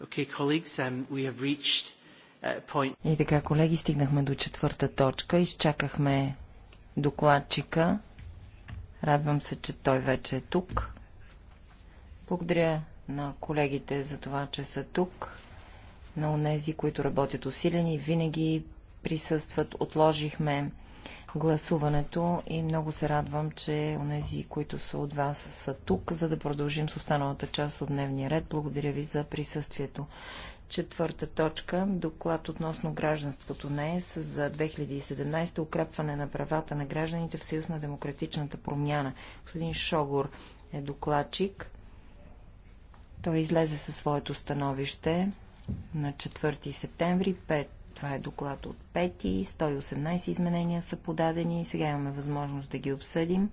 Um, uh, И така, колеги, стигнахме до четвърта точка. Изчакахме докладчика. Радвам се, че той вече е тук. Благодаря на колегите за това, че са тук, на онези, които работят усилени, винаги присъстват. Отложихме гласуването и много се радвам, че онези, които са от вас, са тук, за да продължим с останалата част от дневния ред. Благодаря ви за присъствието. Четвърта точка. Доклад относно гражданството на ЕС за 2017. Укрепване на правата на гражданите в Съюз на демократичната промяна. Господин Шогор е докладчик. Той излезе със своето становище на 4 септември. Пет това е доклад от 5. 118 изменения са подадени. Сега имаме възможност да ги обсъдим.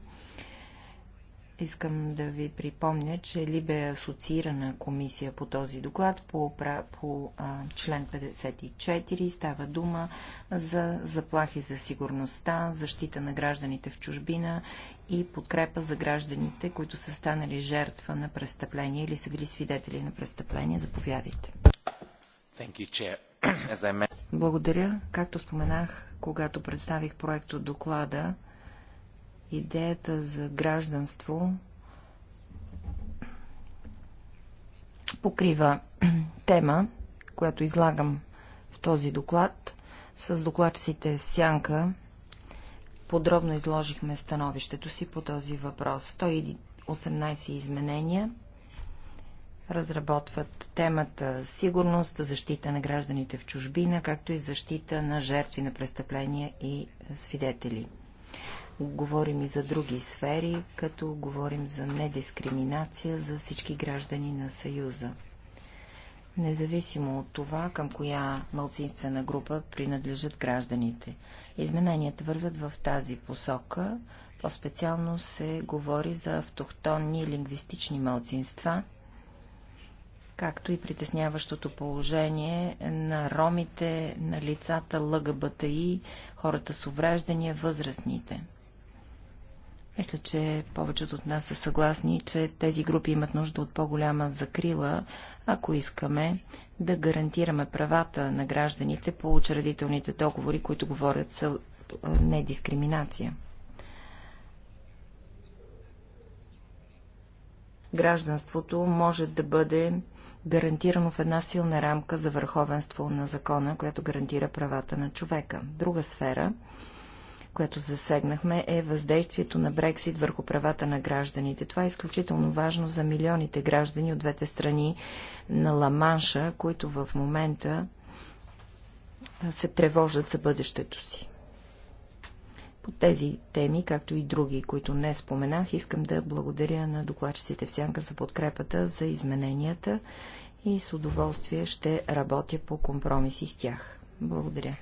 Искам да ви припомня, че Либе е асоциирана комисия по този доклад по, по а, член 54. Става дума за заплахи за сигурността, защита на гражданите в чужбина и подкрепа за гражданите, които са станали жертва на престъпление или са били свидетели на престъпление. Заповядайте. Благодаря. Както споменах, когато представих проект от доклада, идеята за гражданство покрива тема, която излагам в този доклад. С докладчиците в Сянка подробно изложихме становището си по този въпрос. 118 изменения – разработват темата сигурност, защита на гражданите в чужбина, както и защита на жертви на престъпления и свидетели. Говорим и за други сфери, като говорим за недискриминация за всички граждани на Съюза. Независимо от това, към коя малцинствена група принадлежат гражданите. Измененията вървят в тази посока. По-специално се говори за автохтонни лингвистични малцинства – както и притесняващото положение на ромите, на лицата лъгъбата и хората с увреждания, възрастните. Мисля, че повечето от нас са съгласни, че тези групи имат нужда от по-голяма закрила, ако искаме да гарантираме правата на гражданите по учредителните договори, които говорят за недискриминация. Гражданството може да бъде гарантирано в една силна рамка за върховенство на закона, която гарантира правата на човека. Друга сфера, която засегнахме, е въздействието на Брексит върху правата на гражданите. Това е изключително важно за милионите граждани от двете страни на Ламанша, които в момента се тревожат за бъдещето си. По тези теми, както и други, които не споменах, искам да благодаря на докладчиците в Сянка за подкрепата, за измененията и с удоволствие ще работя по компромиси с тях. Благодаря.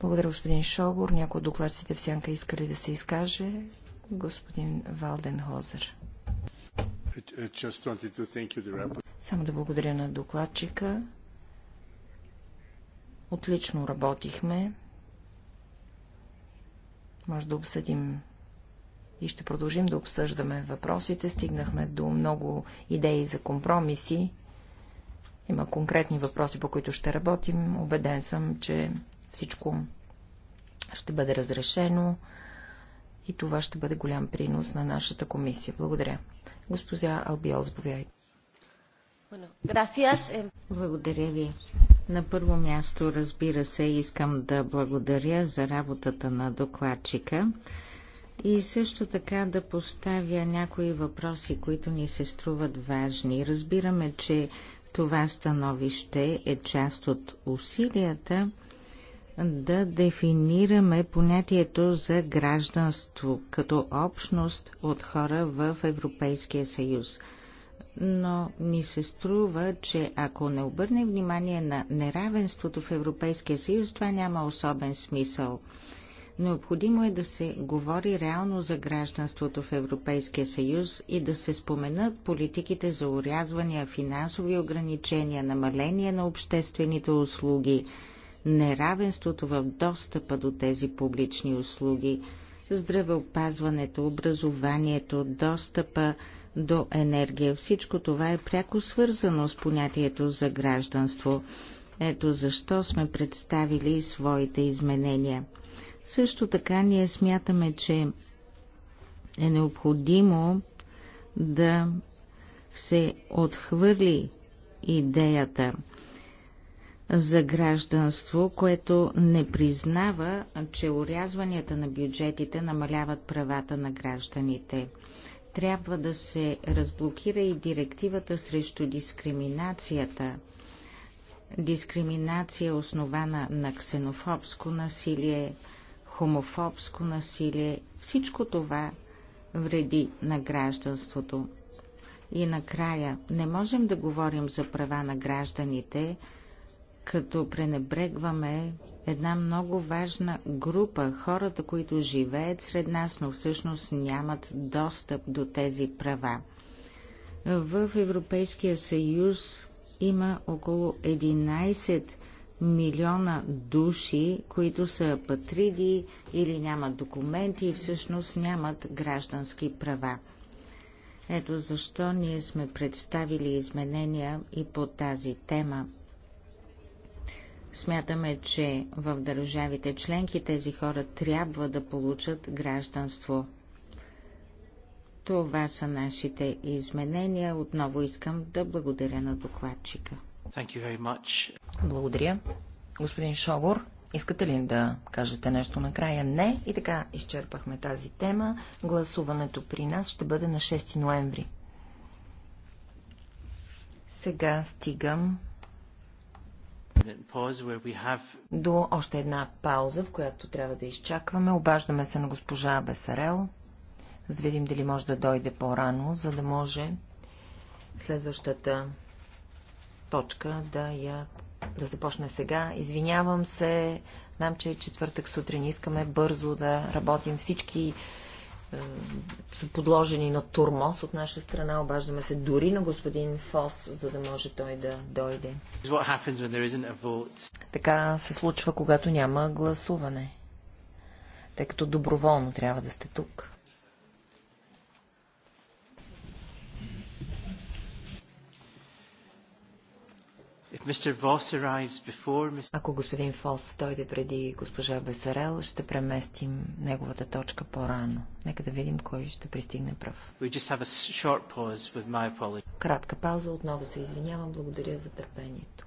Благодаря, господин Шогор. Някой от докладчиците в Сянка искали да се изкаже? Господин Валден Хозер. Само да благодаря на докладчика. Отлично работихме. Може да обсъдим и ще продължим да обсъждаме въпросите. Стигнахме до много идеи за компромиси. Има конкретни въпроси, по които ще работим. Обеден съм, че всичко ще бъде разрешено и това ще бъде голям принос на нашата комисия. Благодаря. Госпожа Албиол, заповядайте. Благодаря ви. На първо място, разбира се, искам да благодаря за работата на докладчика и също така да поставя някои въпроси, които ни се струват важни. Разбираме, че това становище е част от усилията да дефинираме понятието за гражданство като общност от хора в Европейския съюз – но ни се струва, че ако не обърнем внимание на неравенството в Европейския съюз, това няма особен смисъл. Необходимо е да се говори реално за гражданството в Европейския съюз и да се споменат политиките за урязвания, финансови ограничения, намаление на обществените услуги, неравенството в достъпа до тези публични услуги, здравеопазването, образованието, достъпа до енергия. Всичко това е пряко свързано с понятието за гражданство. Ето защо сме представили своите изменения. Също така ние смятаме, че е необходимо да се отхвърли идеята за гражданство, което не признава, че урязванията на бюджетите намаляват правата на гражданите трябва да се разблокира и директивата срещу дискриминацията. Дискриминация основана на ксенофобско насилие, хомофобско насилие, всичко това вреди на гражданството. И накрая, не можем да говорим за права на гражданите, като пренебрегваме една много важна група хората, които живеят сред нас, но всъщност нямат достъп до тези права. В Европейския съюз има около 11 милиона души, които са патриди или нямат документи и всъщност нямат граждански права. Ето защо ние сме представили изменения и по тази тема – Смятаме, че в държавите членки тези хора трябва да получат гражданство. Това са нашите изменения. Отново искам да благодаря на докладчика. Благодаря. Господин Шогор, искате ли да кажете нещо накрая? Не. И така изчерпахме тази тема. Гласуването при нас ще бъде на 6 ноември. Сега стигам до още една пауза, в която трябва да изчакваме. Обаждаме се на госпожа Бесарел, за да видим дали може да дойде по-рано, за да може следващата точка да я да започне сега. Извинявам се, знам, че е четвъртък сутрин, искаме бързо да работим всички е, са подложени на турмоз. От наша страна обаждаме се дори на господин Фос, за да може той да дойде. Така се случва, когато няма гласуване. Тъй като доброволно трябва да сте тук. Ако господин Фос дойде преди госпожа Бесарел, ще преместим неговата точка по-рано. Нека да видим кой ще пристигне пръв. Кратка пауза, отново се извинявам, благодаря за търпението.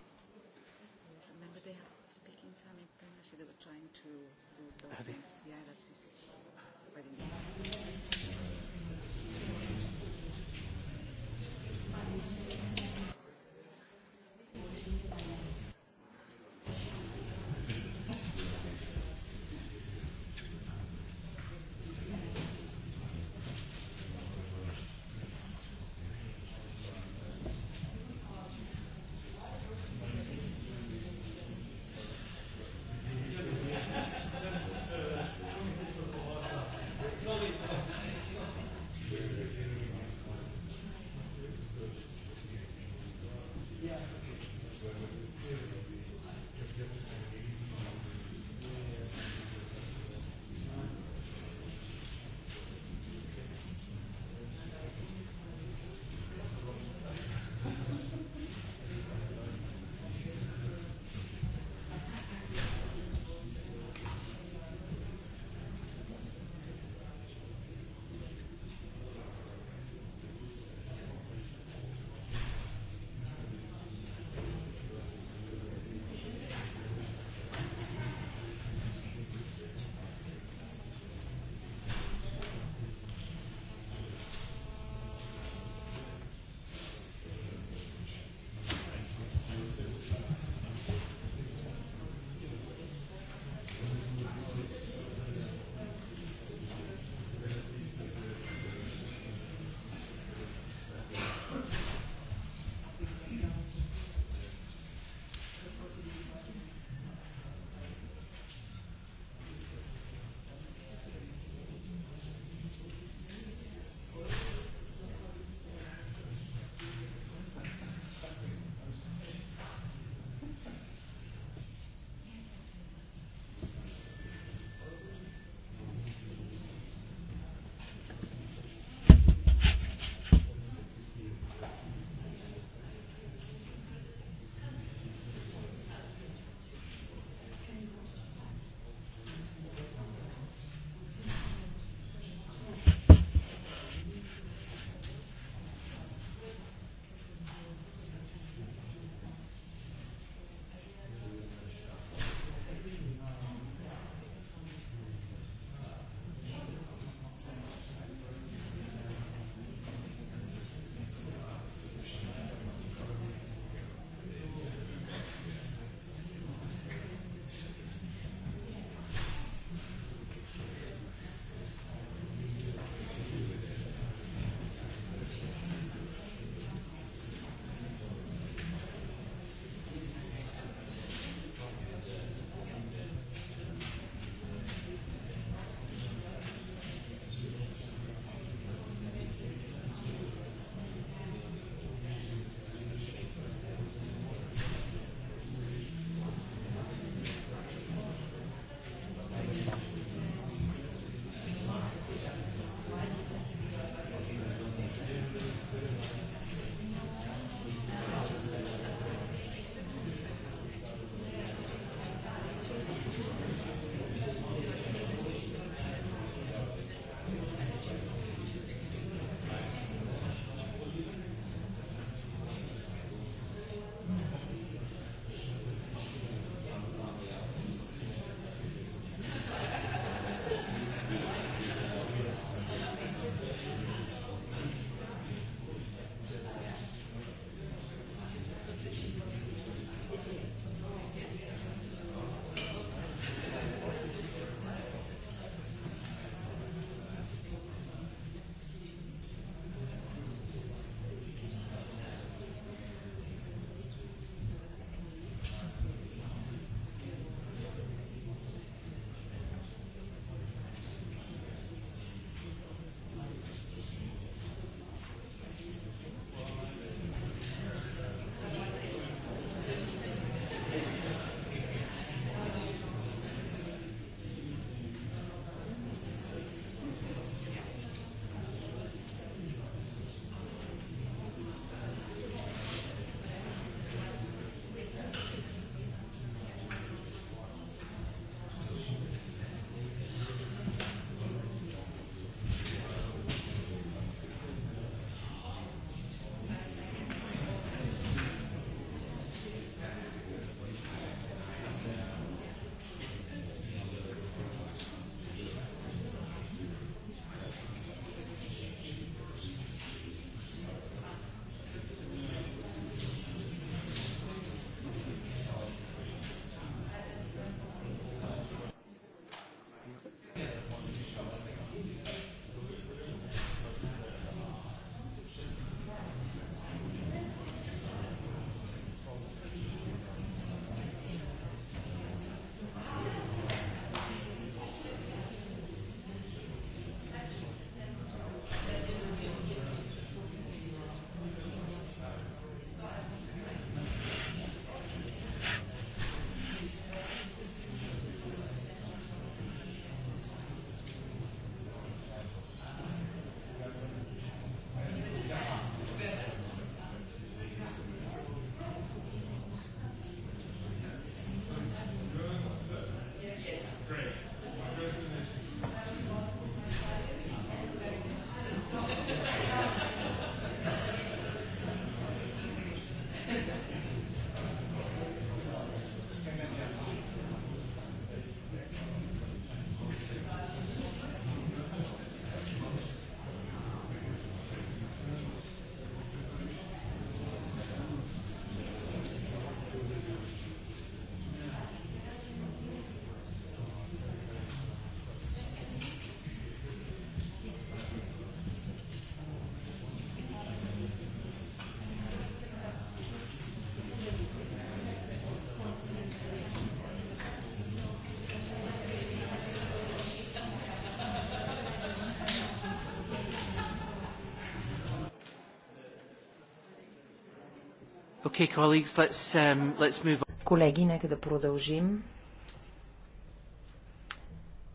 Okay, colleagues, let's, um, let's move on. Колеги, нека да продължим.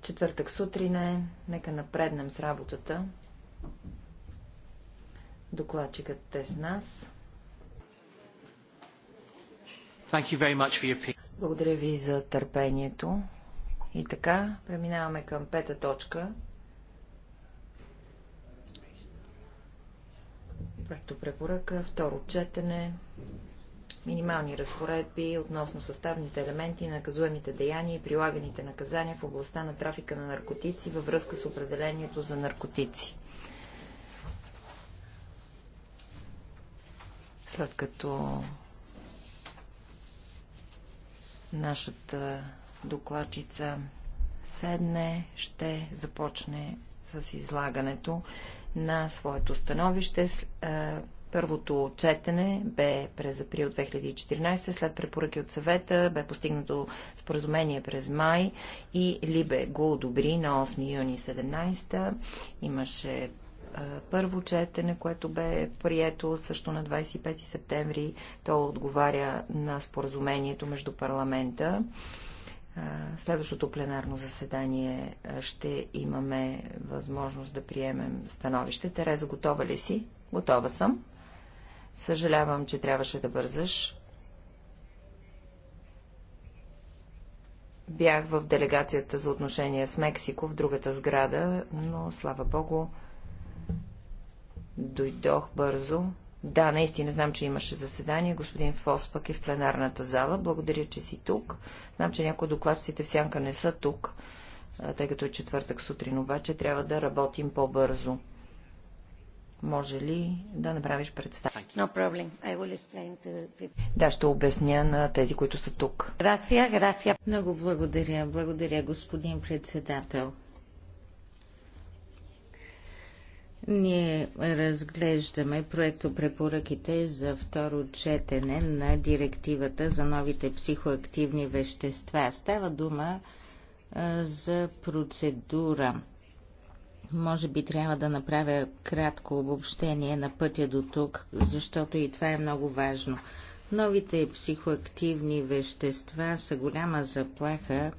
Четвъртък сутрин е. Нека напреднем с работата. Докладчикът е с нас. Thank you very much for your... Благодаря ви за търпението. И така, преминаваме към пета точка – Проекто препоръка, второ четене, минимални разпоредби относно съставните елементи на наказуемите деяния и прилаганите наказания в областта на трафика на наркотици във връзка с определението за наркотици. След като нашата докладчица седне, ще започне с излагането на своето становище. Е, първото четене бе през април 2014, след препоръки от съвета бе постигнато споразумение през май и Либе го одобри на 8 юни 17. Имаше е, първо четене, което бе прието също на 25 септември. То отговаря на споразумението между парламента следващото пленарно заседание ще имаме възможност да приемем становище. Тереза, готова ли си? Готова съм. Съжалявам, че трябваше да бързаш. Бях в делегацията за отношения с Мексико в другата сграда, но слава богу, дойдох бързо. Да, наистина знам, че имаше заседание. Господин Фос пък е в пленарната зала. Благодаря, че си тук. Знам, че някои докладчиците в сянка не са тук, тъй като е четвъртък сутрин, обаче трябва да работим по-бързо. Може ли да направиш представа? No problem. I will explain to people. Да, ще обясня на тези, които са тук. Грация, грация. Много благодаря. Благодаря, господин председател. Ние разглеждаме препоръките за второ четене на директивата за новите психоактивни вещества. Става дума а, за процедура. Може би трябва да направя кратко обобщение на пътя до тук, защото и това е много важно. Новите психоактивни вещества са голяма заплаха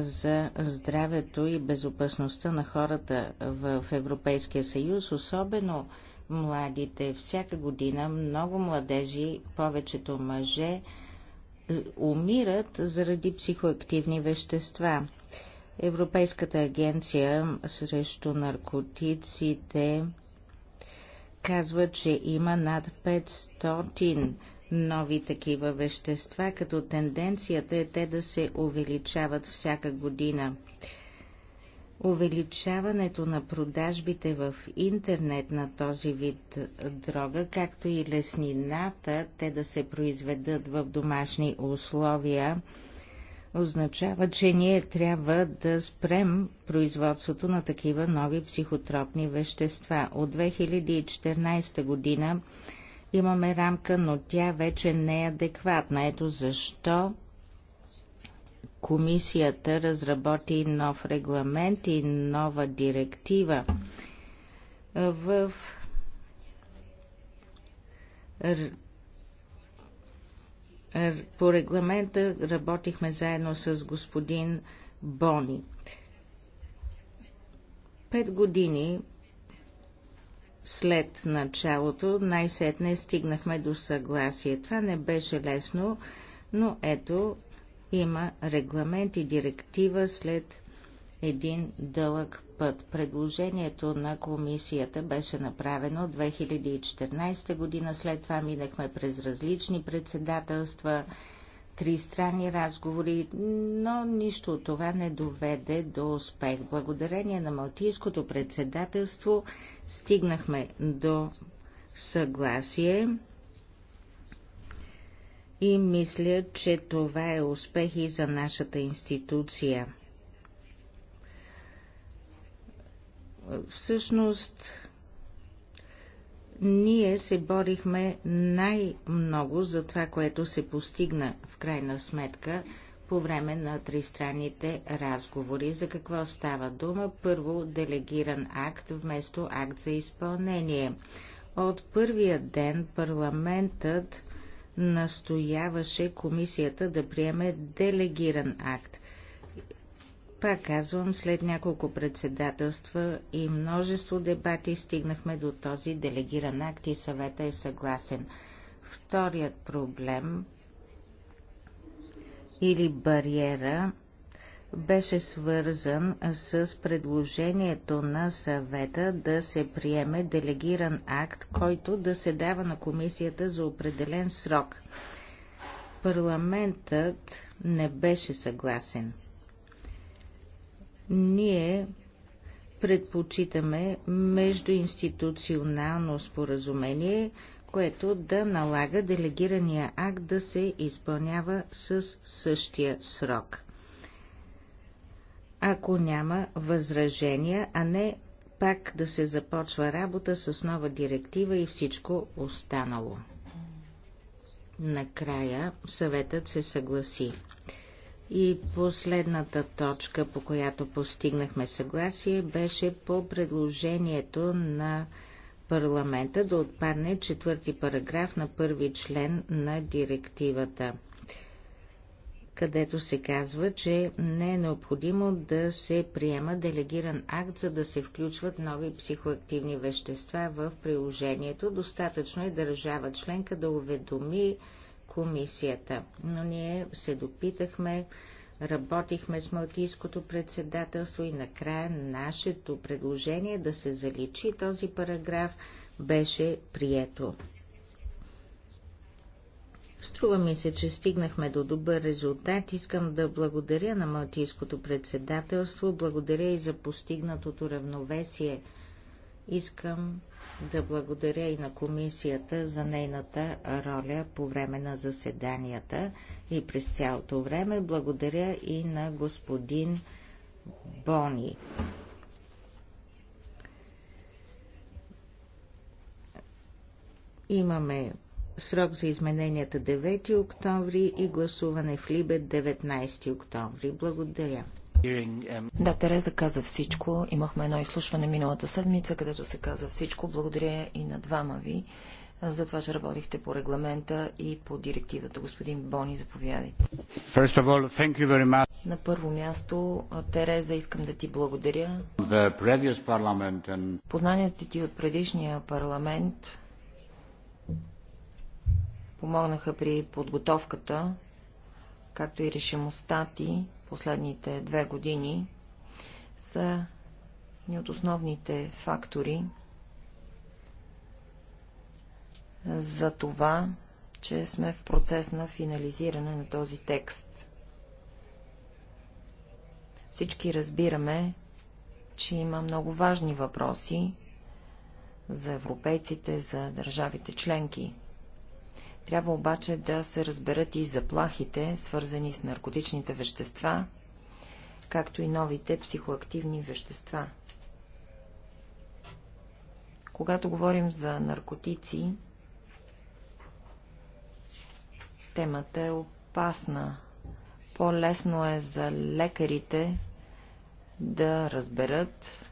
за здравето и безопасността на хората в Европейския съюз, особено младите. Всяка година много младежи, повечето мъже, умират заради психоактивни вещества. Европейската агенция срещу наркотиците казва, че има над 500 нови такива вещества, като тенденцията е те да се увеличават всяка година. Увеличаването на продажбите в интернет на този вид дрога, както и леснината, те да се произведат в домашни условия, означава, че ние трябва да спрем производството на такива нови психотропни вещества. От 2014 година Имаме рамка, но тя вече не е адекватна. Ето защо комисията разработи нов регламент и нова директива. В по регламента работихме заедно с господин Бони. Пет години след началото най-сетне стигнахме до съгласие. Това не беше лесно, но ето има регламент и директива след един дълъг път. Предложението на комисията беше направено 2014 година, след това минахме през различни председателства, Три странни разговори, но нищо от това не доведе до успех. Благодарение на Малтийското председателство стигнахме до съгласие и мисля, че това е успех и за нашата институция. Всъщност, ние се борихме най-много за това, което се постигна в крайна сметка по време на тристранните разговори. За какво става дума? Първо делегиран акт вместо акт за изпълнение. От първия ден парламентът настояваше комисията да приеме делегиран акт. Пак казвам, след няколко председателства и множество дебати стигнахме до този делегиран акт и съвета е съгласен. Вторият проблем или бариера беше свързан с предложението на съвета да се приеме делегиран акт, който да се дава на комисията за определен срок. Парламентът не беше съгласен. Ние предпочитаме междуинституционално споразумение, което да налага делегирания акт да се изпълнява с същия срок. Ако няма възражения, а не пак да се започва работа с нова директива и всичко останало. Накрая съветът се съгласи. И последната точка, по която постигнахме съгласие, беше по предложението на парламента да отпадне четвърти параграф на първи член на директивата, където се казва, че не е необходимо да се приема делегиран акт, за да се включват нови психоактивни вещества в приложението. Достатъчно е държава членка да уведоми комисията. Но ние се допитахме, работихме с Малтийското председателство и накрая нашето предложение да се заличи този параграф беше прието. Струва ми се, че стигнахме до добър резултат. Искам да благодаря на Малтийското председателство, благодаря и за постигнатото равновесие – Искам да благодаря и на комисията за нейната роля по време на заседанията и през цялото време. Благодаря и на господин Бони. Имаме срок за измененията 9 октомври и гласуване в Либе 19 октомври. Благодаря. Да, Тереза каза всичко. Имахме едно изслушване миналата седмица, където се каза всичко. Благодаря и на двама ви за това, че работихте по регламента и по директивата. Господин Бони, заповядайте. All, на първо място, Тереза, искам да ти благодаря. And... Познанията ти от предишния парламент помогнаха при подготовката, както и решимостта ти последните две години са ни от основните фактори за това, че сме в процес на финализиране на този текст. Всички разбираме, че има много важни въпроси за европейците, за държавите членки. Трябва обаче да се разберат и заплахите, свързани с наркотичните вещества, както и новите психоактивни вещества. Когато говорим за наркотици, темата е опасна. По-лесно е за лекарите да разберат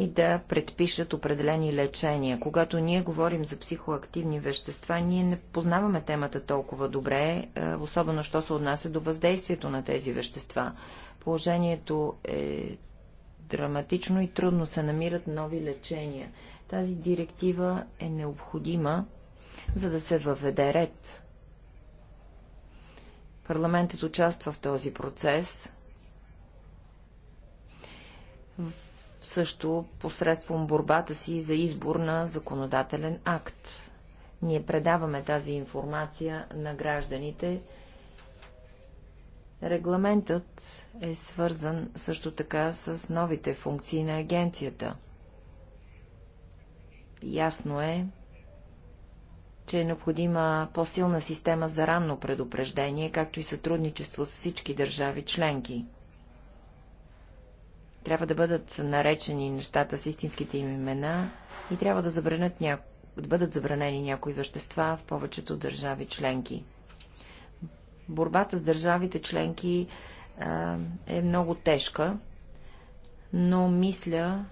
и да предпишат определени лечения. Когато ние говорим за психоактивни вещества, ние не познаваме темата толкова добре, е, особено що се отнася до въздействието на тези вещества. Положението е драматично и трудно се намират нови лечения. Тази директива е необходима, за да се въведе ред. Парламентът участва в този процес също посредством борбата си за избор на законодателен акт. Ние предаваме тази информация на гражданите. Регламентът е свързан също така с новите функции на агенцията. Ясно е, че е необходима по-силна система за ранно предупреждение, както и сътрудничество с всички държави членки. Трябва да бъдат наречени нещата с истинските им имена и трябва да, забранят няко... да бъдат забранени някои вещества в повечето държави членки. Борбата с държавите членки а, е много тежка, но мисля,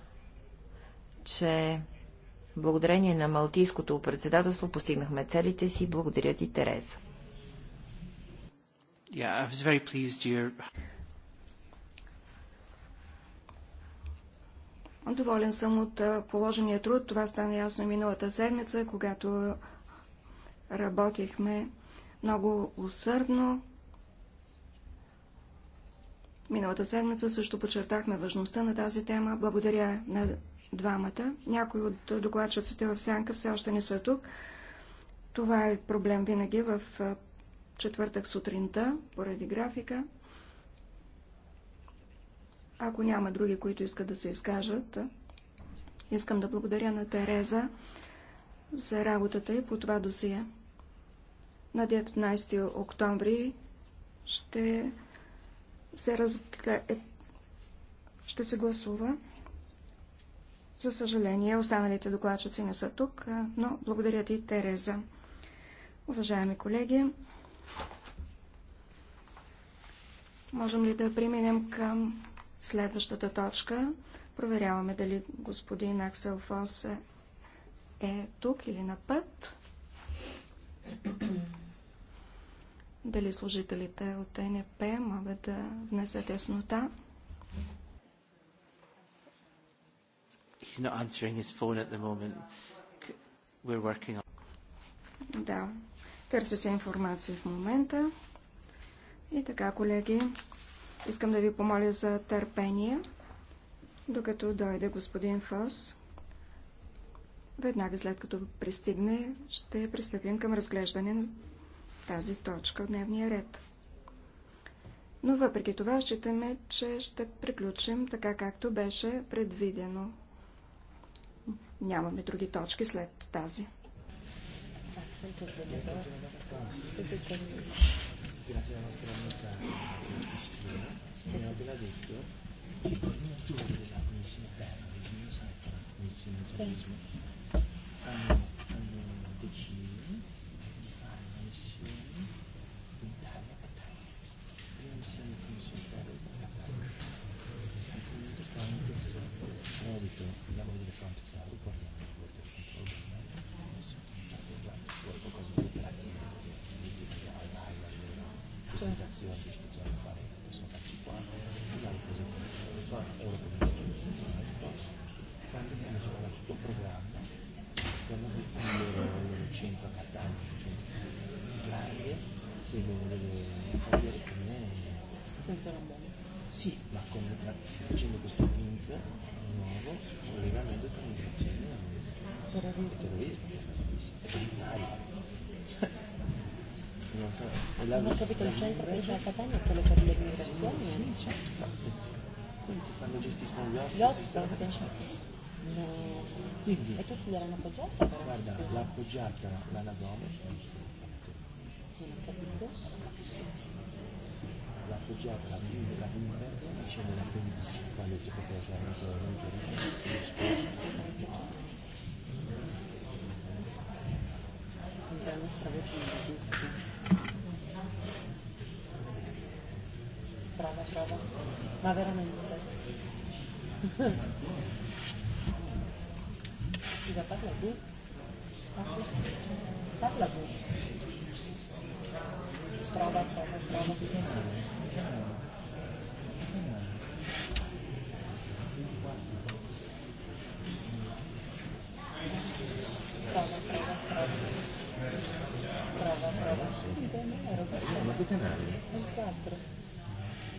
че благодарение на Малтийското председателство постигнахме целите си. Благодаря ти, Тереза. Yeah, pleased, Доволен съм от положения труд. Това стана ясно миналата седмица, когато работихме много усърдно. Миналата седмица също подчертахме важността на тази тема. Благодаря на двамата. Някои от докладчиците в Сянка все още не са тук. Това е проблем винаги в четвъртък сутринта, поради графика. Ако няма други, които искат да се изкажат, искам да благодаря на Тереза за работата и по това досие. На 19 октомври ще се, раз... Е, ще се гласува. За съжаление, останалите докладчици не са тук, но благодаря ти, Тереза. Уважаеми колеги, можем ли да преминем към следващата точка. Проверяваме дали господин Аксел Фос е тук или на път. Дали служителите от НП могат да внесат яснота? He's not answering his phone at the moment. We're working on... Да. Търся се информация в момента. И така, колеги, Искам да ви помоля за търпение, докато дойде господин Фос. Веднага след като пристигне, ще пристъпим към разглеждане на тази точка от дневния ред. Но въпреки това считаме, че ще приключим така както беше предвидено. Нямаме други точки след тази. Thank you grazie alla nostra amica Cristina, come ho appena detto, che il coordinatore della Commissione interna, della Commissione interna, del turismo, senza la bomba. Sì, ma con, facendo questo link nuovo, un legamento tra migrazione e terrorismo. Terrorismo, Non so, la non ho capito il centro che a Catania è quello per le migrazioni? Sì, certo. Quelli che gestiscono gli ospiti. Gli ospiti? No. Quindi, e tutti gliel'hanno appoggiata? Guarda, l'ha appoggiata l'anagoma. Non ho capito la peggiata, la fine, la vinterna, scende la quando si poteva già mangiare la mangiare. Brava, brava, ma veramente. Scusa, parla tu? Parla tu. Prova, prova, prova.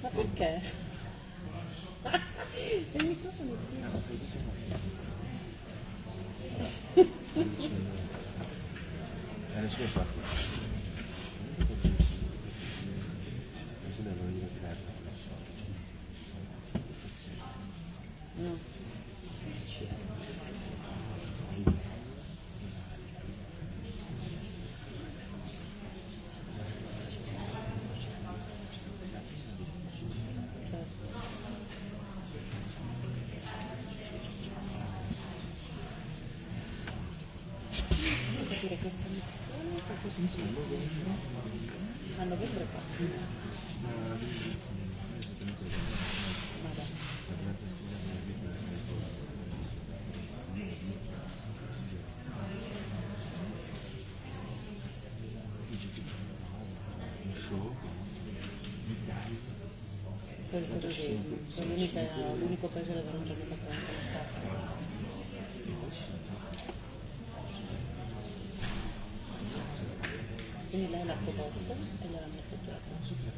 Ma perché? Il microfono è qui. Adesso io sto ascoltando. quel punto di, è l'unico paese dove non c'è mica Quindi lei l'ha proposto e l'ha effettuato.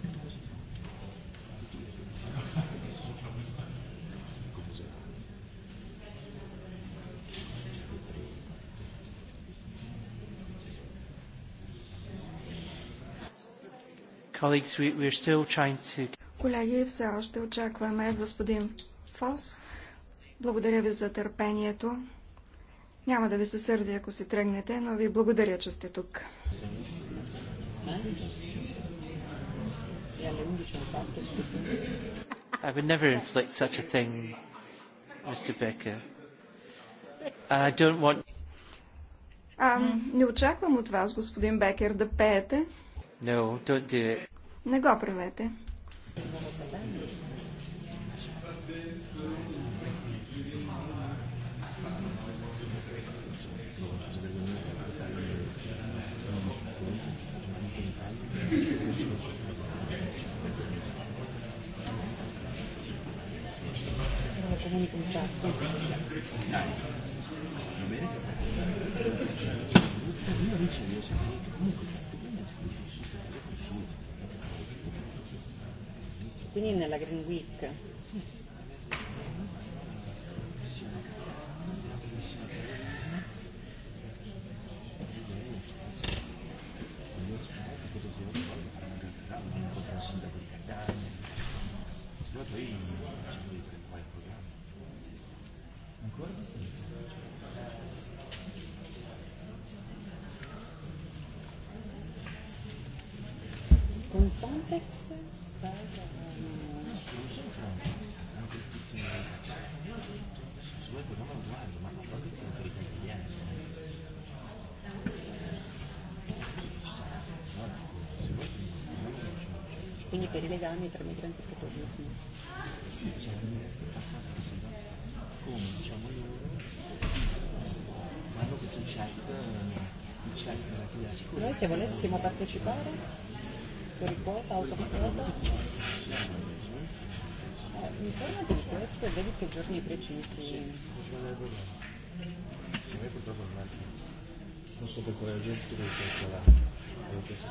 colleagues, we, we're still trying to... Колеги, все още очакваме господин Фос. Благодаря ви за търпението. Няма да ви се сърди, ако си тръгнете, но ви благодаря, че сте тук. I would never inflict such a thing, Mr. Becker. And I don't want... А, не очаквам от вас, господин Бекер, да пеете. No, don't do it. Не го правете comunico un chat. quindi nella Green Week. Grazie. per i legami tra migranti e come Noi se volessimo partecipare per quota autoquota Informati di questo e vedi che giorni precisi. purtroppo non so per quale agente devo calcolare. È capacità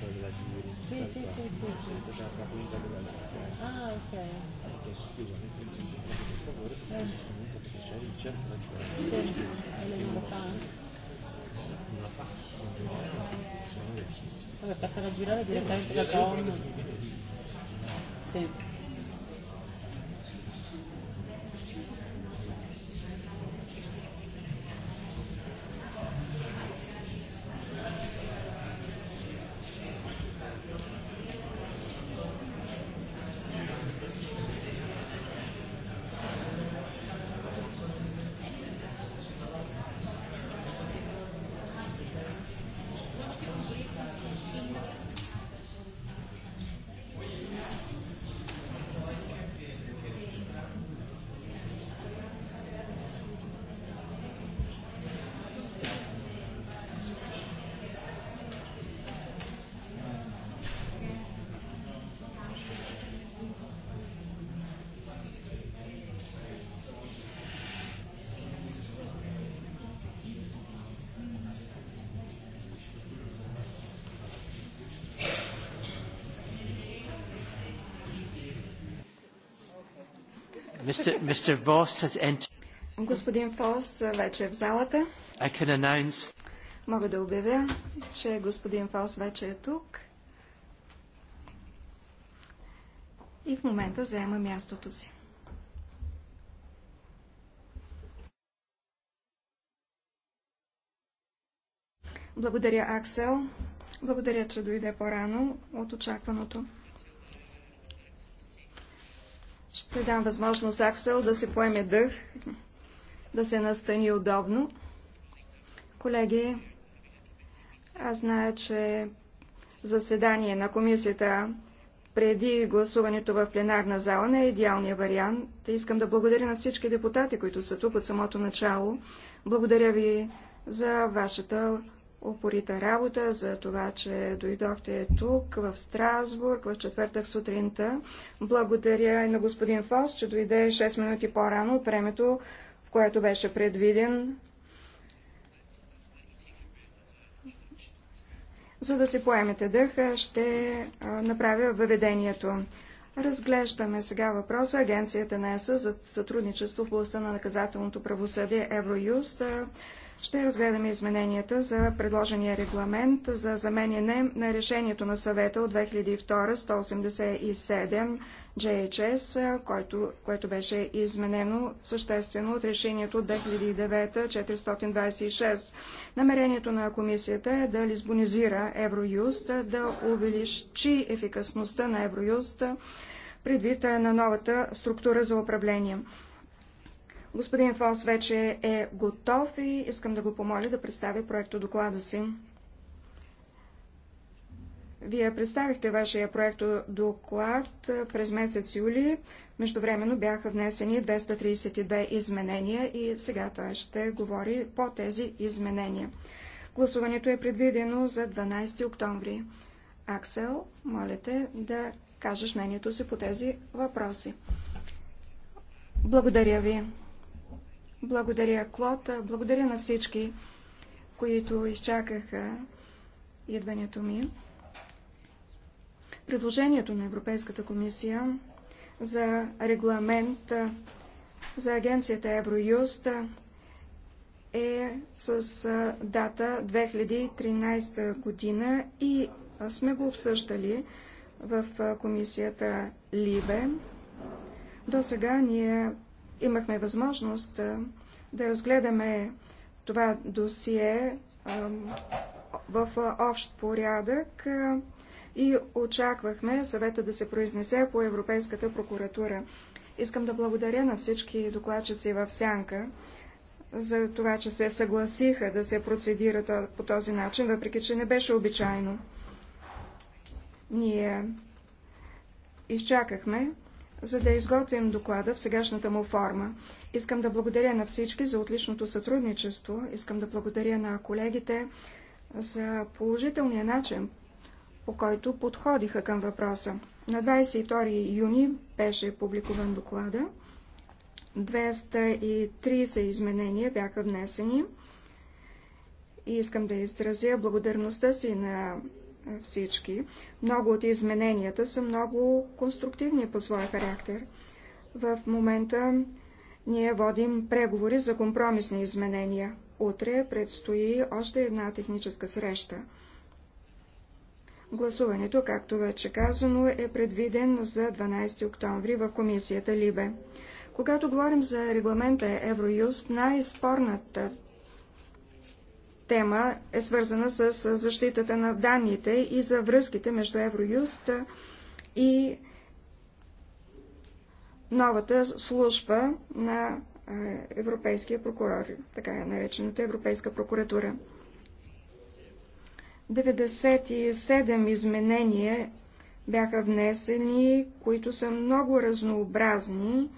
quella della Giri, sì, sì, sì, sì, sì. Ah, ok. Sì, Sì. Mr. Voss has entered. Господин Фос вече е в залата. I can announce... Мога да обявя, че господин Фос вече е тук. И в момента заема мястото си. Благодаря, Аксел. Благодаря, че дойде по-рано от очакваното. Ще дам възможност Аксел да се поеме дъх, да се настани удобно. Колеги, аз зная, че заседание на комисията преди гласуването в пленарна зала не е идеалният вариант. Искам да благодаря на всички депутати, които са тук от самото начало. Благодаря ви за вашата упорита работа, за това, че дойдохте тук, в Страсбург, в четвъртък сутринта. Благодаря и на господин Фос, че дойде 6 минути по-рано от времето, в което беше предвиден. За да се поемете дъх, ще направя въведението. Разглеждаме сега въпроса Агенцията на ЕС за сътрудничество в областта на наказателното правосъдие Евроюст ще разгледаме измененията за предложения регламент за заменяне на решението на съвета от 2002-187 JHS, който, което беше изменено съществено от решението от 2009-426. Намерението на комисията е да лизбонизира Евроюст, да увеличи ефикасността на Евроюст предвид на новата структура за управление. Господин Фос вече е готов и искам да го помоля да представи проекто доклада си. Вие представихте вашия проекто доклад през месец юли. Междувременно бяха внесени 232 изменения и сега той ще говори по тези изменения. Гласуването е предвидено за 12 октомври. Аксел, моля те да кажеш мнението си по тези въпроси. Благодаря ви. Благодаря, Клод. Благодаря на всички, които изчакаха идването ми. Предложението на Европейската комисия за регламент за агенцията Евроюст е с дата 2013 година и сме го обсъждали в комисията Либе. До сега ние Имахме възможност да разгледаме това досие в общ порядък и очаквахме съвета да се произнесе по Европейската прокуратура. Искам да благодаря на всички докладчици в Сянка за това, че се съгласиха да се процедира по този начин, въпреки че не беше обичайно. Ние изчакахме за да изготвим доклада в сегашната му форма. Искам да благодаря на всички за отличното сътрудничество. Искам да благодаря на колегите за положителния начин, по който подходиха към въпроса. На 22 юни беше публикуван доклада. 230 изменения бяха внесени. И искам да изразя благодарността си на всички. Много от измененията са много конструктивни по своя характер. В момента ние водим преговори за компромисни изменения. Утре предстои още една техническа среща. Гласуването, както вече казано, е предвиден за 12 октомври в комисията Либе. Когато говорим за регламента Евроюст, най-спорната тема е свързана с защитата на данните и за връзките между Евроюст и новата служба на Европейския прокурор, така е наречената Европейска прокуратура. 97 изменения бяха внесени, които са много разнообразни.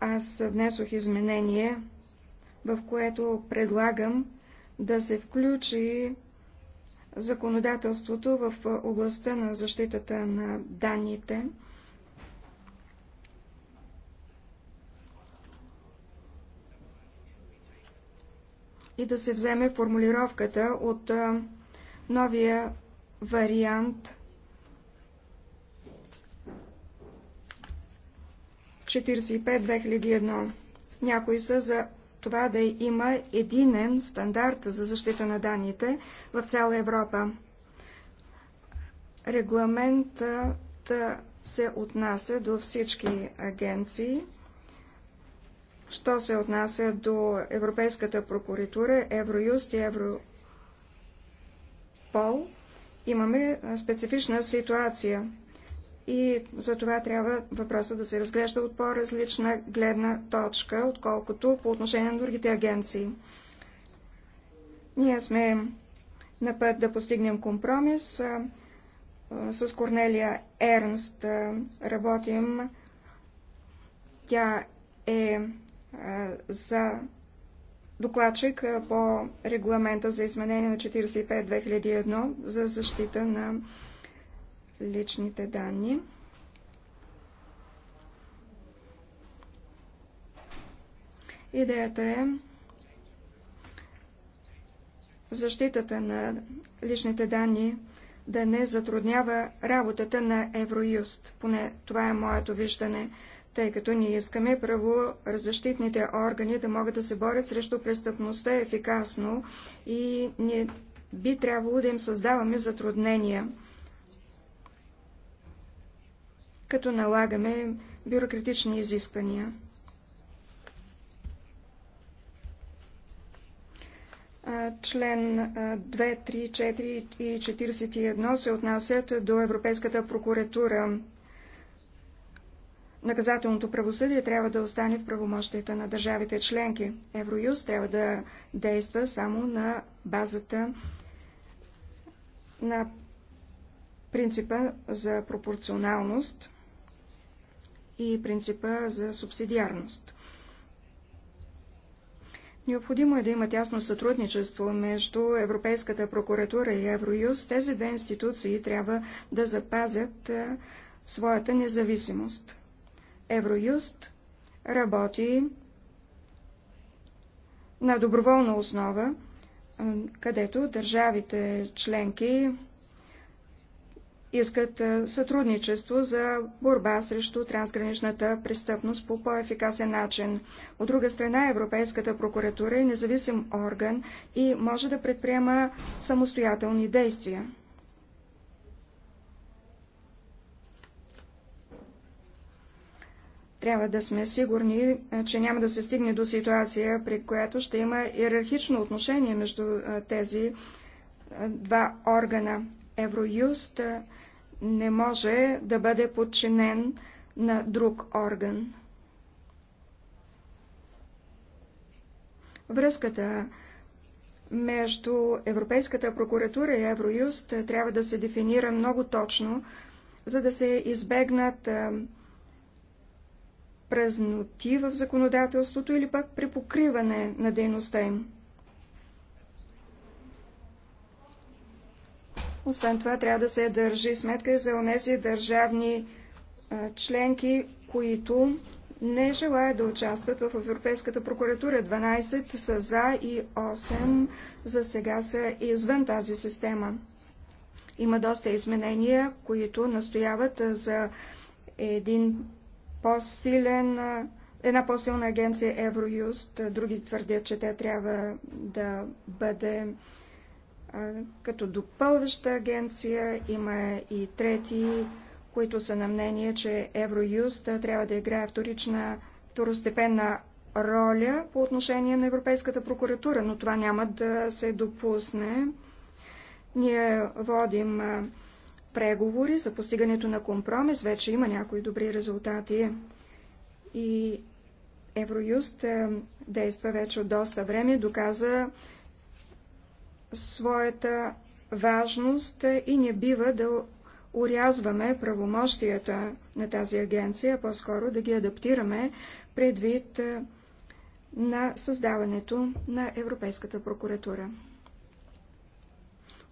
Аз внесох изменения в което предлагам да се включи законодателството в областта на защитата на данните. И да се вземе формулировката от новия вариант 45-2001. Някои са за това да има единен стандарт за защита на данните в цяла Европа. Регламентът се отнася до всички агенции. Що се отнася до Европейската прокуратура, Евроюст и Европол, имаме специфична ситуация и за това трябва въпроса да се разглежда от по-различна гледна точка, отколкото по отношение на другите агенции. Ние сме на път да постигнем компромис. С Корнелия Ернст работим. Тя е за докладчик по регламента за изменение на 45-2001 за защита на личните данни. Идеята е защитата на личните данни да не затруднява работата на Евроюст. Поне това е моето виждане, тъй като ние искаме правозащитните органи да могат да се борят срещу престъпността ефикасно и не би трябвало да им създаваме затруднения като налагаме бюрократични изисквания. Член 2, 3, 4 и 41 се отнасят до Европейската прокуратура. Наказателното правосъдие трябва да остане в правомощията на държавите членки. Евроюз трябва да действа само на базата на принципа за пропорционалност – и принципа за субсидиарност. Необходимо е да има тясно сътрудничество между Европейската прокуратура и Евроюз. Тези две институции трябва да запазят своята независимост. Евроюст работи на доброволна основа, където държавите членки искат сътрудничество за борба срещу трансграничната престъпност по по-ефикасен начин. От друга страна, Европейската прокуратура е независим орган и може да предприема самостоятелни действия. Трябва да сме сигурни, че няма да се стигне до ситуация, при която ще има иерархично отношение между тези два органа. Евроюст не може да бъде подчинен на друг орган. Връзката между Европейската прокуратура и Евроюст трябва да се дефинира много точно, за да се избегнат празноти в законодателството или пък покриване на дейността им. Освен това, трябва да се държи сметка и за онези държавни членки, които не желаят да участват в Европейската прокуратура. 12 са за и 8 за сега са извън тази система. Има доста изменения, които настояват за един по-силен, една по-силна агенция Евроюст. Други твърдят, че тя трябва да бъде като допълваща агенция. Има и трети, които са на мнение, че Евроюст трябва да играе вторична, второстепенна роля по отношение на Европейската прокуратура, но това няма да се допусне. Ние водим преговори за постигането на компромис. Вече има някои добри резултати. И Евроюст действа вече от доста време, доказа своята важност и не бива да урязваме правомощията на тази агенция, по-скоро да ги адаптираме предвид на създаването на Европейската прокуратура.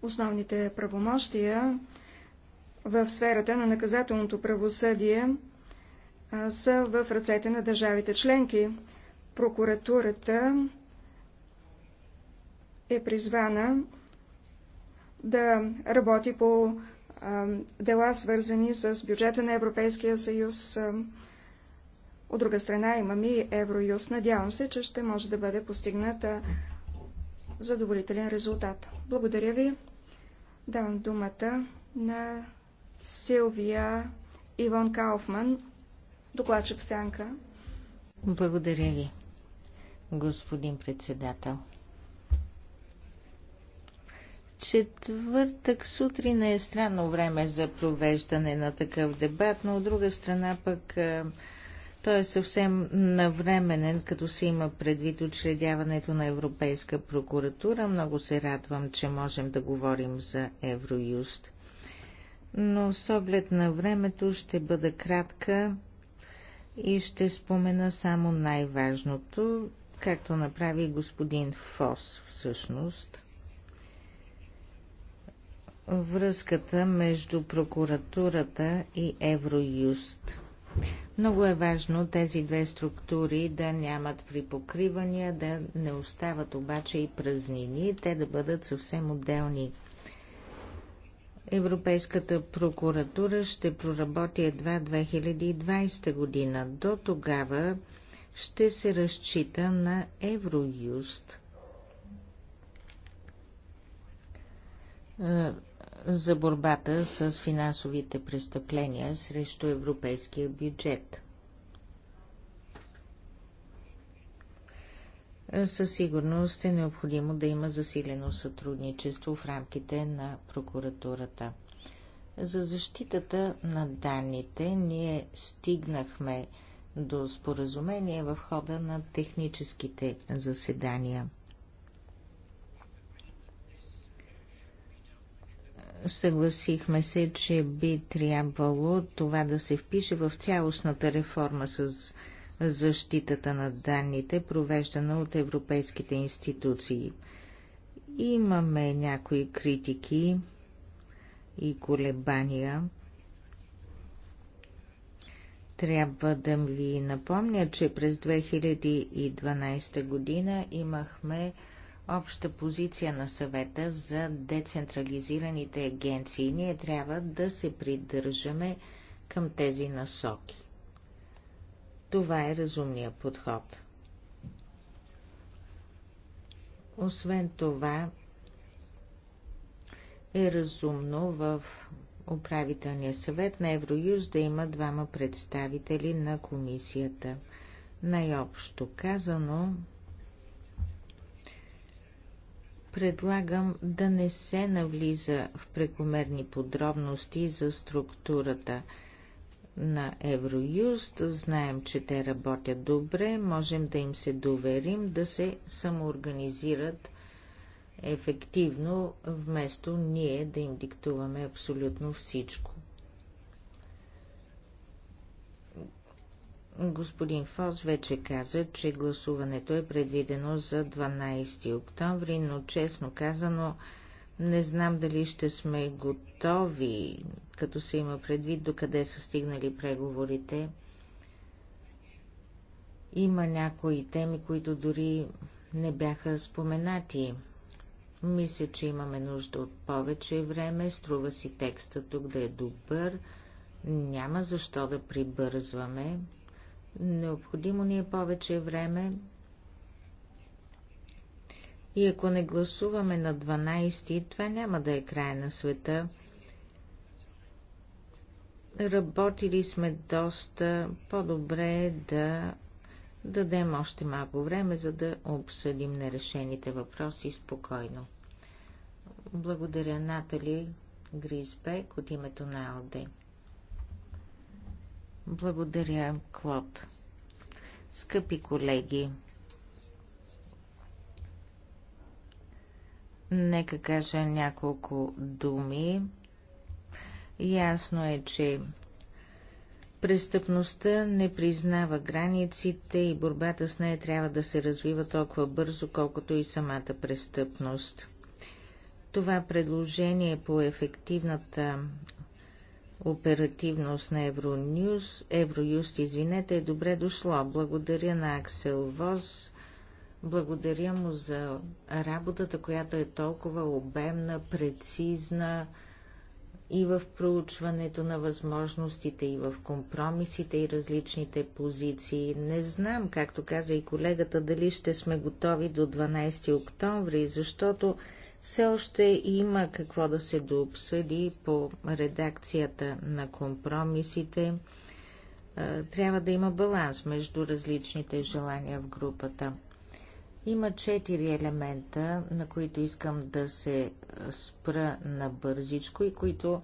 Основните правомощия в сферата на наказателното правосъдие са в ръцете на държавите членки. Прокуратурата е призвана да работи по дела, свързани с бюджета на Европейския съюз. От друга страна имаме и Евроюз. Надявам се, че ще може да бъде постигната задоволителен резултат. Благодаря ви. Давам думата на Силвия Ивон Кауфман, докладчик Сянка. Благодаря ви, господин председател четвъртък сутрин е странно време за провеждане на такъв дебат, но от друга страна пък той е съвсем навременен, като се има предвид учредяването на Европейска прокуратура. Много се радвам, че можем да говорим за Евроюст. Но с оглед на времето ще бъда кратка и ще спомена само най-важното, както направи господин Фос всъщност – връзката между прокуратурата и Евроюст. Много е важно тези две структури да нямат припокривания, да не остават обаче и празнини, те да бъдат съвсем отделни. Европейската прокуратура ще проработи едва 2020 година. До тогава ще се разчита на Евроюст. Е, за борбата с финансовите престъпления срещу европейския бюджет. Със сигурност е необходимо да има засилено сътрудничество в рамките на прокуратурата. За защитата на данните ние стигнахме до споразумение в хода на техническите заседания. Съгласихме се, че би трябвало това да се впише в цялостната реформа с защитата на данните, провеждана от европейските институции. Имаме някои критики и колебания. Трябва да ви напомня, че през 2012 година имахме обща позиция на съвета за децентрализираните агенции. Ние трябва да се придържаме към тези насоки. Това е разумният подход. Освен това, е разумно в управителния съвет на Евроюз да има двама представители на комисията. Най-общо казано, предлагам да не се навлиза в прекомерни подробности за структурата на Евроюст. Знаем, че те работят добре, можем да им се доверим да се самоорганизират ефективно, вместо ние да им диктуваме абсолютно всичко. Господин Фос вече каза, че гласуването е предвидено за 12 октомври, но честно казано не знам дали ще сме готови, като се има предвид докъде са стигнали преговорите. Има някои теми, които дори не бяха споменати. Мисля, че имаме нужда от повече време, струва си текста тук да е добър, няма защо да прибързваме. Необходимо ни е повече време. И ако не гласуваме на 12, това няма да е край на света. Работили сме доста. По-добре да дадем още малко време, за да обсъдим нерешените въпроси спокойно. Благодаря Натали Гризбек от името на Алде. Благодаря, Клод. Скъпи колеги, нека кажа няколко думи. Ясно е, че престъпността не признава границите и борбата с нея трябва да се развива толкова бързо, колкото и самата престъпност. Това предложение по ефективната оперативност на Евронюс, Евроюст, извинете, е добре дошло. Благодаря на Аксел Воз, благодаря му за работата, която е толкова обемна, прецизна и в проучването на възможностите, и в компромисите, и различните позиции. Не знам, както каза и колегата, дали ще сме готови до 12 октомври, защото все още има какво да се дообсъди по редакцията на компромисите. Трябва да има баланс между различните желания в групата. Има четири елемента, на които искам да се спра на бързичко и които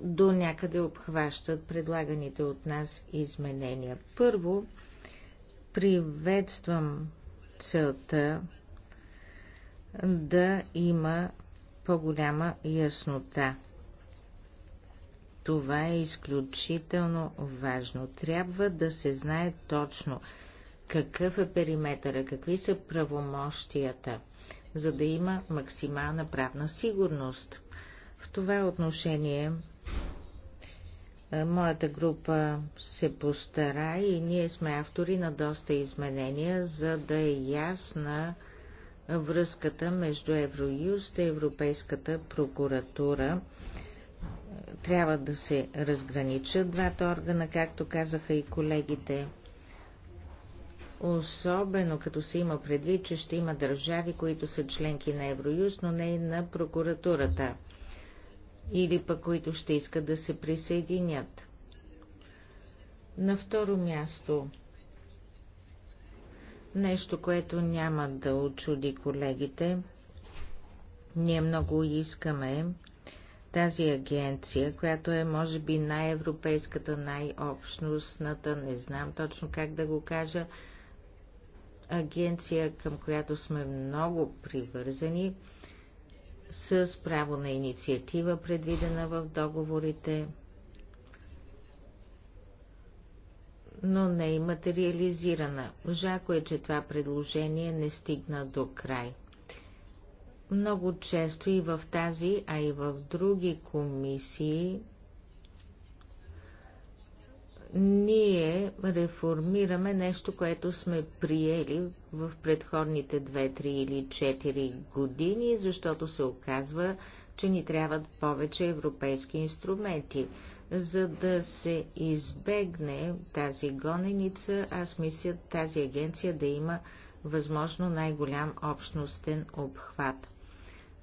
до някъде обхващат предлаганите от нас изменения. Първо, приветствам целта да има по-голяма яснота. Това е изключително важно. Трябва да се знае точно какъв е периметъра, какви са правомощията, за да има максимална правна сигурност. В това отношение моята група се постара и ние сме автори на доста изменения, за да е ясна връзката между Евроюст и Европейската прокуратура. Трябва да се разграничат двата органа, както казаха и колегите. Особено като се има предвид, че ще има държави, които са членки на Евроюст, но не и на прокуратурата. Или пък които ще искат да се присъединят. На второ място Нещо, което няма да очуди колегите. Ние много искаме тази агенция, която е може би най-европейската, най-общностната, не знам точно как да го кажа, агенция, към която сме много привързани, с право на инициатива, предвидена в договорите – но не и е материализирана. Жако е, че това предложение не стигна до край. Много често и в тази, а и в други комисии ние реформираме нещо, което сме приели в предходните 2, 3 или 4 години, защото се оказва, че ни трябват повече европейски инструменти. За да се избегне тази гоненица, аз мисля тази агенция да има възможно най-голям общностен обхват.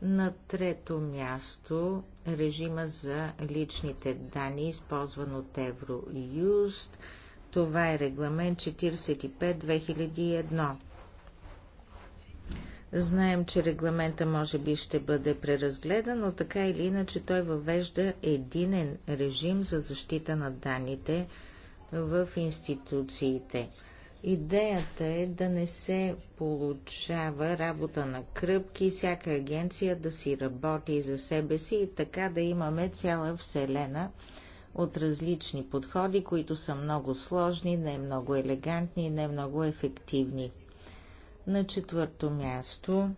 На трето място режима за личните данни, използван от Евроюст. Това е регламент 45-2001. Знаем, че регламента може би ще бъде преразгледан, но така или иначе той въвежда единен режим за защита на данните в институциите. Идеята е да не се получава работа на кръпки, всяка агенция да си работи за себе си и така да имаме цяла вселена от различни подходи, които са много сложни, не много елегантни, и не много ефективни. На четвърто място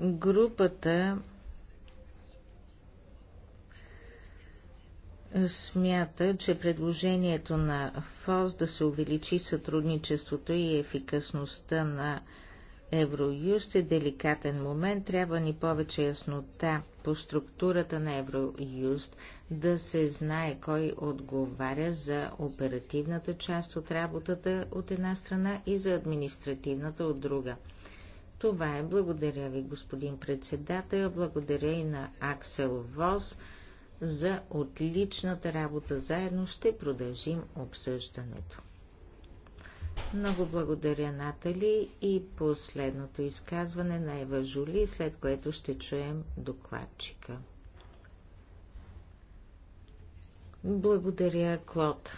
групата смята, че предложението на ФОС да се увеличи сътрудничеството и ефикасността на Евроюст е деликатен момент. Трябва ни повече яснота по структурата на Евроюст, да се знае кой отговаря за оперативната част от работата от една страна и за административната от друга. Това е. Благодаря ви, господин председател. Благодаря и на Аксел Вос за отличната работа. Заедно ще продължим обсъждането. Много благодаря, Натали. И последното изказване на Ева Жули, след което ще чуем докладчика. Благодаря, Клод.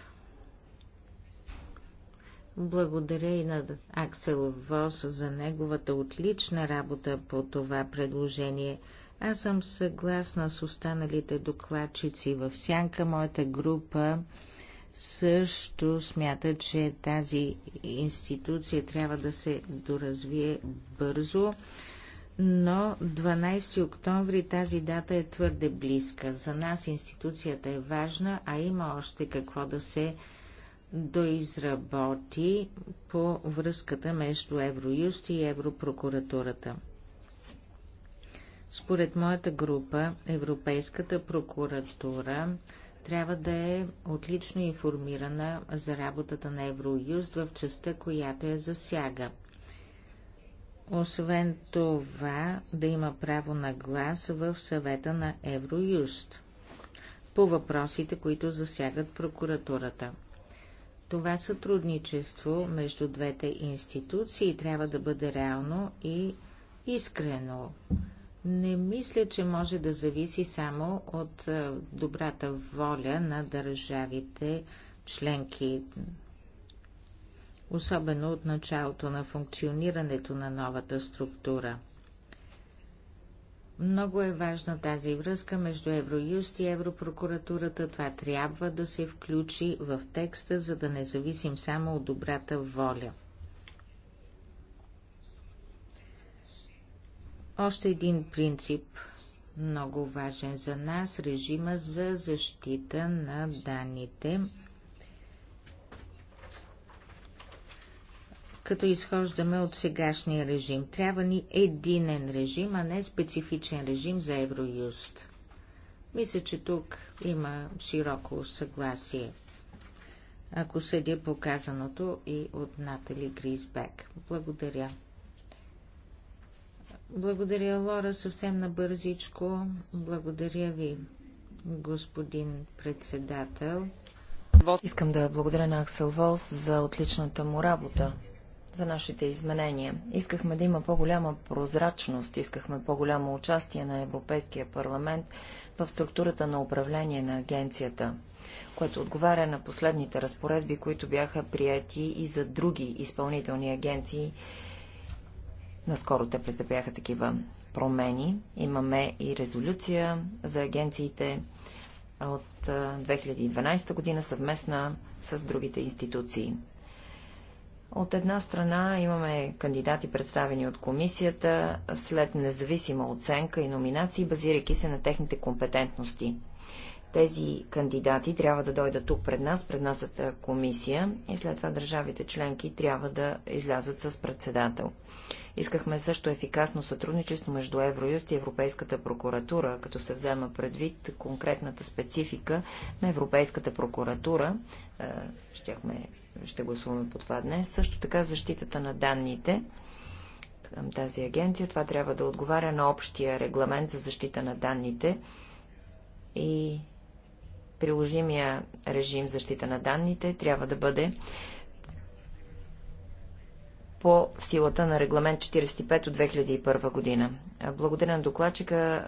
Благодаря и на Аксел Вос за неговата отлична работа по това предложение – аз съм съгласна с останалите докладчици в Сянка. Моята група също смята, че тази институция трябва да се доразвие бързо, но 12 октомври тази дата е твърде близка. За нас институцията е важна, а има още какво да се доизработи по връзката между Евроюст и Европрокуратурата. Според моята група, Европейската прокуратура трябва да е отлично информирана за работата на Евроюст в частта, която я засяга. Освен това, да има право на глас в съвета на Евроюст по въпросите, които засягат прокуратурата. Това сътрудничество между двете институции трябва да бъде реално и искрено не мисля, че може да зависи само от е, добрата воля на държавите членки, особено от началото на функционирането на новата структура. Много е важна тази връзка между Евроюст и Европрокуратурата. Това трябва да се включи в текста, за да не зависим само от добрата воля. Още един принцип, много важен за нас, режима за защита на данните. Като изхождаме от сегашния режим, трябва ни единен режим, а не специфичен режим за Евроюст. Мисля, че тук има широко съгласие, ако съдя показаното и от Натали Гризбек. Благодаря. Благодаря, Лора, съвсем набързичко. Благодаря ви, господин председател. Искам да благодаря на Аксел Волс за отличната му работа, за нашите изменения. Искахме да има по-голяма прозрачност, искахме по-голямо участие на Европейския парламент в структурата на управление на агенцията, което отговаря на последните разпоредби, които бяха прияти и за други изпълнителни агенции Наскоро те претърпяха такива промени. Имаме и резолюция за агенциите от 2012 година съвместна с другите институции. От една страна имаме кандидати представени от комисията след независима оценка и номинации, базирайки се на техните компетентности – тези кандидати трябва да дойдат тук пред нас, пред нашата комисия и след това държавите членки трябва да излязат с председател. Искахме също ефикасно сътрудничество между Евроюст и Европейската прокуратура, като се взема предвид конкретната специфика на Европейската прокуратура. Е, щяхме, ще гласуваме по това днес. Също така защитата на данните към тази агенция. Това трябва да отговаря на общия регламент за защита на данните и приложимия режим защита на данните трябва да бъде по силата на регламент 45 от 2001 година. Благодаря на докладчика.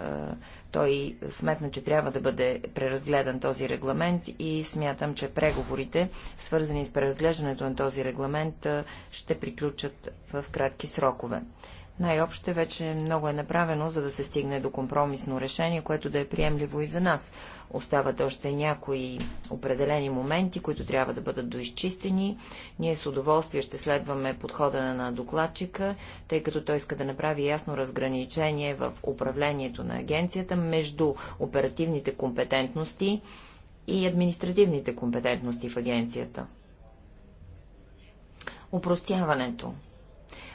Той сметна, че трябва да бъде преразгледан този регламент и смятам, че преговорите, свързани с преразглеждането на този регламент, ще приключат в кратки срокове. Най-общо вече много е направено, за да се стигне до компромисно решение, което да е приемливо и за нас. Остават още някои определени моменти, които трябва да бъдат доизчистени. Ние с удоволствие ще следваме подхода на докладчика, тъй като той иска да направи ясно разграничение в управлението на агенцията между оперативните компетентности и административните компетентности в агенцията. Опростяването.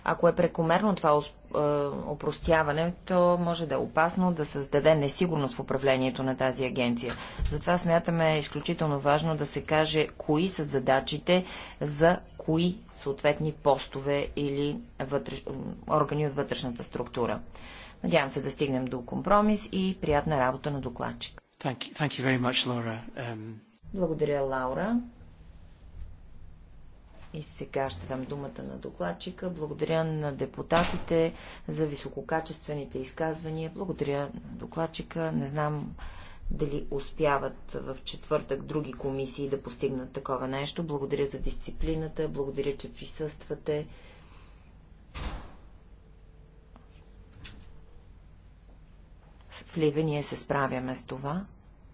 Ако е прекомерно това е, опростяването може да е опасно да създаде несигурност в управлението на тази агенция. Затова смятаме изключително важно да се каже кои са задачите за кои съответни постове или вътреш... органи от вътрешната структура. Надявам се да стигнем до компромис и приятна работа на докладчик. Thank you, thank you much, Laura. Um... Благодаря, Лаура. И сега ще дам думата на докладчика. Благодаря на депутатите за висококачествените изказвания. Благодаря на докладчика. Не знам дали успяват в четвъртък други комисии да постигнат такова нещо. Благодаря за дисциплината, благодаря, че присъствате. В Ливе ние се справяме с това.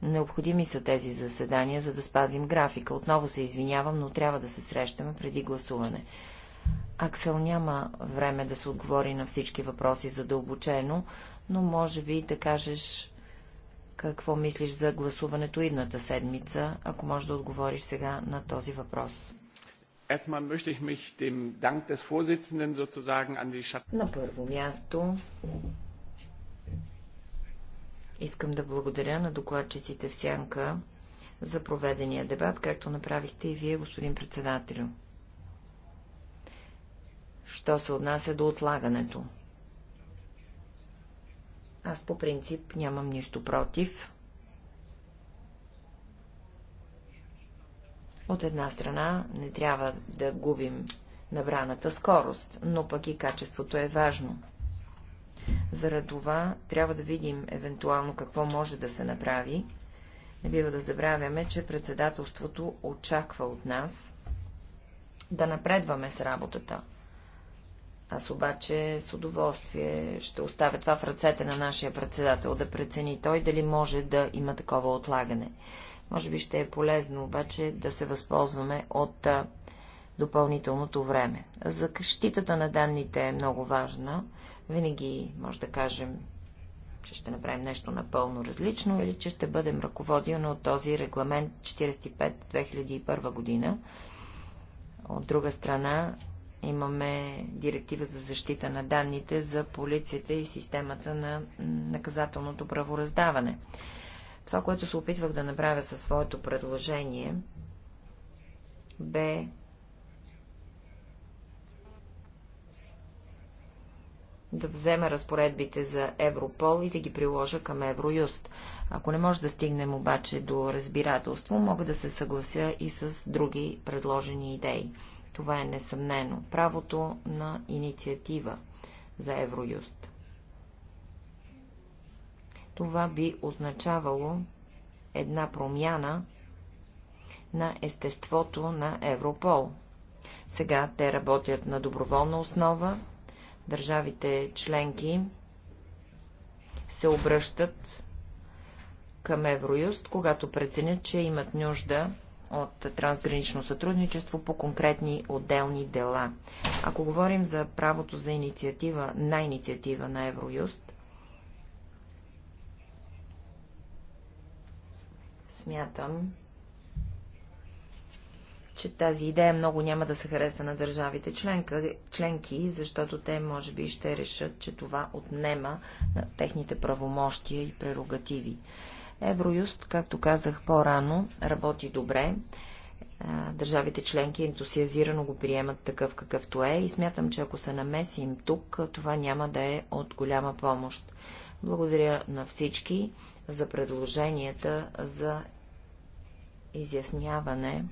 Необходими са тези заседания, за да спазим графика. Отново се извинявам, но трябва да се срещаме преди гласуване. Аксел няма време да се отговори на всички въпроси задълбочено, но може би да кажеш какво мислиш за гласуването идната седмица, ако можеш да отговориш сега на този въпрос. На първо място Искам да благодаря на докладчиците в Сянка за проведения дебат, както направихте и вие, господин председателю. Що се отнася до отлагането? Аз по принцип нямам нищо против. От една страна не трябва да губим набраната скорост, но пък и качеството е важно. Заради това трябва да видим евентуално какво може да се направи. Не бива да забравяме, че председателството очаква от нас да напредваме с работата. Аз обаче с удоволствие ще оставя това в ръцете на нашия председател да прецени той дали може да има такова отлагане. Може би ще е полезно обаче да се възползваме от а, допълнителното време. Защитата на данните е много важна. Винаги може да кажем, че ще направим нещо напълно различно или че ще бъдем ръководени от този регламент 45-2001 година. От друга страна, имаме директива за защита на данните за полицията и системата на наказателното правораздаване. Това, което се опитвах да направя със своето предложение, бе да вземе разпоредбите за Европол и да ги приложа към Евроюст. Ако не може да стигнем обаче до разбирателство, мога да се съглася и с други предложени идеи. Това е несъмнено. Правото на инициатива за Евроюст. Това би означавало една промяна на естеството на Европол. Сега те работят на доброволна основа, Държавите членки се обръщат към Евроюст, когато преценят, че имат нужда от трансгранично сътрудничество по конкретни отделни дела. Ако говорим за правото за инициатива, на инициатива на Евроюст, смятам, че тази идея много няма да се хареса на държавите членка, членки, защото те може би ще решат, че това отнема на техните правомощия и прерогативи. Евроюст, както казах по-рано, работи добре. Държавите членки ентусиазирано го приемат такъв какъвто е и смятам, че ако се намесим тук, това няма да е от голяма помощ. Благодаря на всички за предложенията за изясняване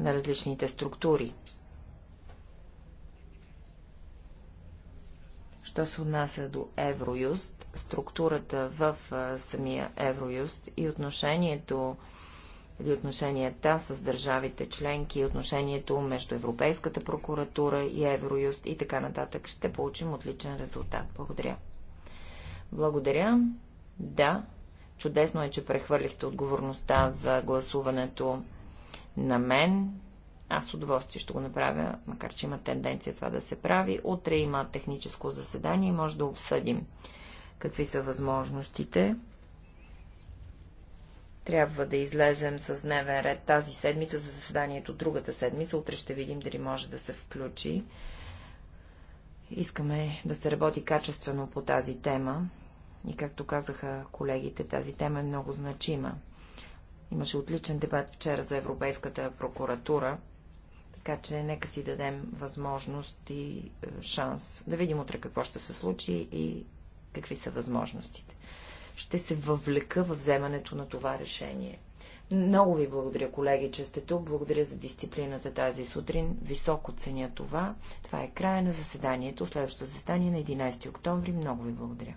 на различните структури. Що се отнася до Евроюст, структурата в самия Евроюст и отношението или отношенията с държавите членки, отношението между Европейската прокуратура и Евроюст и така нататък, ще получим отличен резултат. Благодаря. Благодаря. Да, чудесно е, че прехвърлихте отговорността за гласуването на мен. Аз с удоволствие ще го направя, макар че има тенденция това да се прави. Утре има техническо заседание и може да обсъдим какви са възможностите. Трябва да излезем с дневен ред тази седмица за заседанието другата седмица. Утре ще видим дали може да се включи. Искаме да се работи качествено по тази тема. И както казаха колегите, тази тема е много значима. Имаше отличен дебат вчера за Европейската прокуратура, така че нека си дадем възможност и е, шанс да видим утре какво ще се случи и какви са възможностите. Ще се въвлека в вземането на това решение. Много ви благодаря, колеги, че сте тук. Благодаря за дисциплината тази сутрин. Високо ценя това. Това е края на заседанието. Следващото заседание е на 11 октомври. Много ви благодаря.